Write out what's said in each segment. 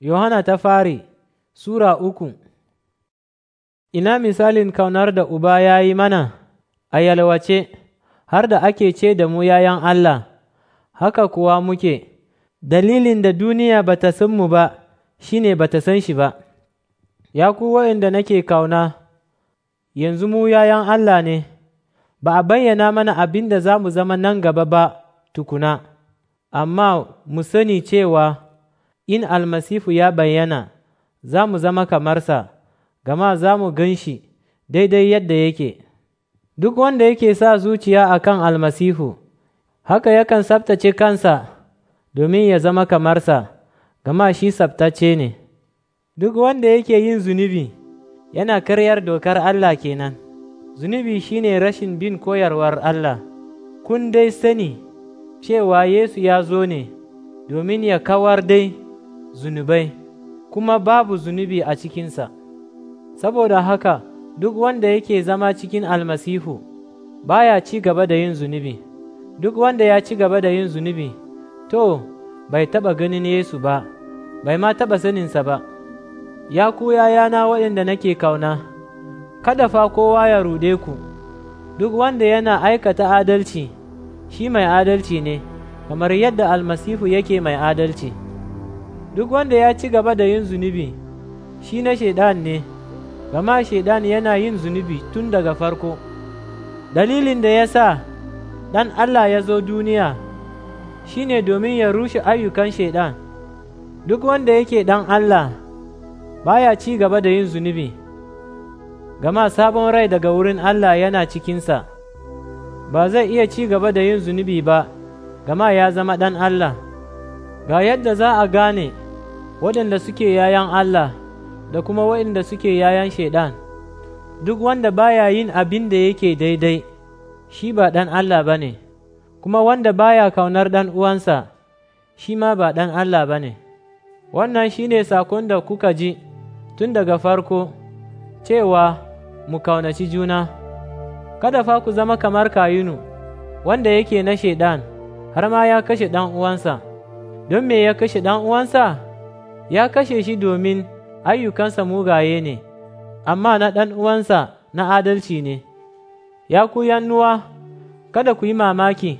Yohana ta fari Sura uku Ina misalin kaunar da Uba ya yi mana a yalwace, har da ake ce da mu yayan Allah, haka kuwa muke, dalilin da duniya ba ta san mu ba shi ne ba ta san shi ba, ya ku waɗanda nake kauna, yanzu mu yayan Allah ne, ba a bayyana mana abin da za mu zama nan gaba ba tukuna, amma mu sani cewa in almasifu ya bayyana za mu zama kamarsa gama za mu gan shi daidai yadda yake duk wanda yake sa zuciya a kan almasihu haka yakan tsabtace kansa domin ya zama kamarsa gama shi tsabtace ne duk wanda yake yin zunubi yana karyar dokar Allah kenan zunubi shine rashin bin koyarwar Allah kun dai sani cewa Yesu ya zo ne domin ya kawar dai zunubai, kuma babu zunubi a cikinsa, saboda haka duk wanda yake zama cikin almasihu baya ci gaba da yin zunubi, duk wanda ya ci gaba da yin zunubi, to, bai taɓa ganin Yesu ba, bai ma taɓa saninsa ba, ya ku yana waɗanda nake kauna, kada fa kowa ya rude ku, duk wanda yana aikata adalci, shi mai adalci ne, kamar yadda almasihu yake mai adalci. duk wanda ya ci gaba da yin zunubi shi na shaidan ne gama shaidan yana yin zunubi tun daga farko dalilin da ya sa ɗan allah ya zo duniya shi ne domin ya rushe ayyukan shaidan duk wanda yake ɗan allah baya ci gaba da yin zunubi gama sabon rai daga wurin allah yana cikinsa ba zai iya ci gaba da yin zunubi ba gama ya zama ɗan allah ga yadda za a gane waɗanda suke yayan Allah da kuma waɗanda suke yayan Shaiɗan, duk wanda baya yin abin da yake daidai, shi ba ɗan Allah ba ne, kuma wanda baya kaunar ɗan uwansa, shi ma ba ɗan Allah ba ne. Wannan shi ne sakon da kuka ji tun daga farko, cewa mu kaunaci juna, kada fa ku zama kamar kayinu, wanda yake na Shaiɗan, har ma ya kashe ɗan uwansa. don me ya kashe ɗan uwansa ya kashe shi domin ayyukansa mugaye ne, amma na ɗan uwansa na adalci ne, ya ku yannuwa, kada ku yi mamaki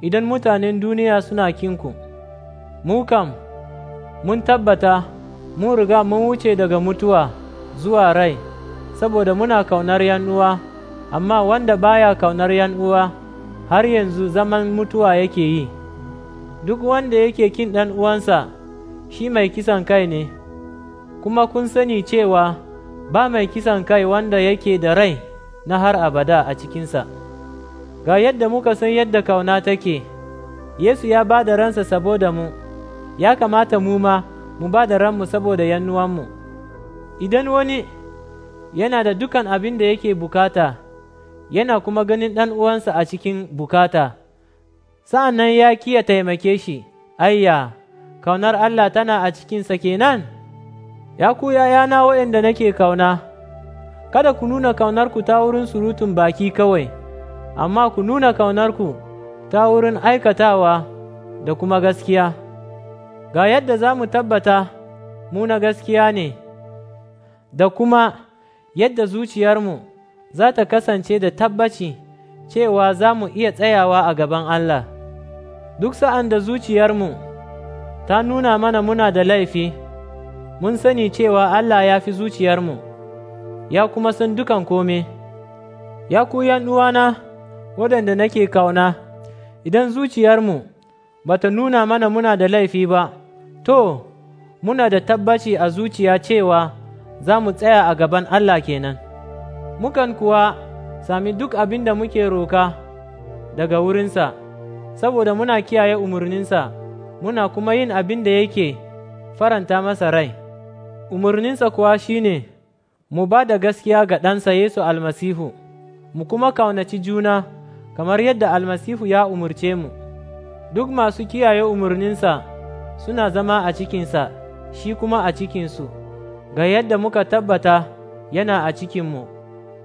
idan mutanen duniya suna kinku, mu kam, mun tabbata mun riga mun wuce daga mutuwa zuwa rai, saboda muna kaunar yannuwa, amma wanda baya kaunar yannuwa har yanzu zaman mutuwa yake yi, duk wanda yake kin ɗan uwansa. shi mai kisan kai ne, kuma kun sani cewa ba mai kisan kai wanda yake da rai na har abada a cikinsa. Ga yadda muka san yadda kauna take, Yesu ya ba da ransa saboda mu, ya kamata mu ma mu ba da ranmu saboda yannuwanmu. Idan wani yana da dukan abin da yake bukata, yana kuma ganin ɗan uwansa a cikin bukata, sa'an nan ya kiya taimake shi, ayya. kaunar Allah tana a cikinsa kenan, ya ku yayana waɗanda nake kauna, kada ku nuna kaunarku ta wurin surutun baki kawai, amma ku nuna kaunarku ta wurin aikatawa da kuma gaskiya. Ga yadda za mu tabbata mu na gaskiya ne, da kuma yadda zuciyarmu za ta kasance da tabbaci cewa za mu iya tsayawa a gaban Allah. Duk sa'an da zuciyarmu ta nuna mana muna da laifi, mun sani cewa Allah ya fi zuciyarmu, ya kuma san dukan kome, ya ku uwana waɗanda nake kauna, idan zuciyarmu ba ta nuna mana muna da laifi ba, to, muna da tabbaci a zuciya cewa za mu tsaya a gaban Allah kenan, mukan kuwa sami duk abin da muke roka daga wurinsa, saboda muna kiyaye umarninsa. muna kuma yin abin da yake faranta masa rai, umarninsa kuwa shi ne, mu ba da gaskiya ga ɗansa Yesu almasihu, mu kuma kaunaci juna kamar yadda almasihu ya umarce mu, duk masu kiyaye umarninsa suna zama a cikinsa, shi kuma a cikinsu, ga yadda muka tabbata yana a cikinmu,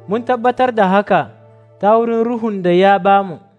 mun tabbatar da haka ta wurin ruhun da ya bamu.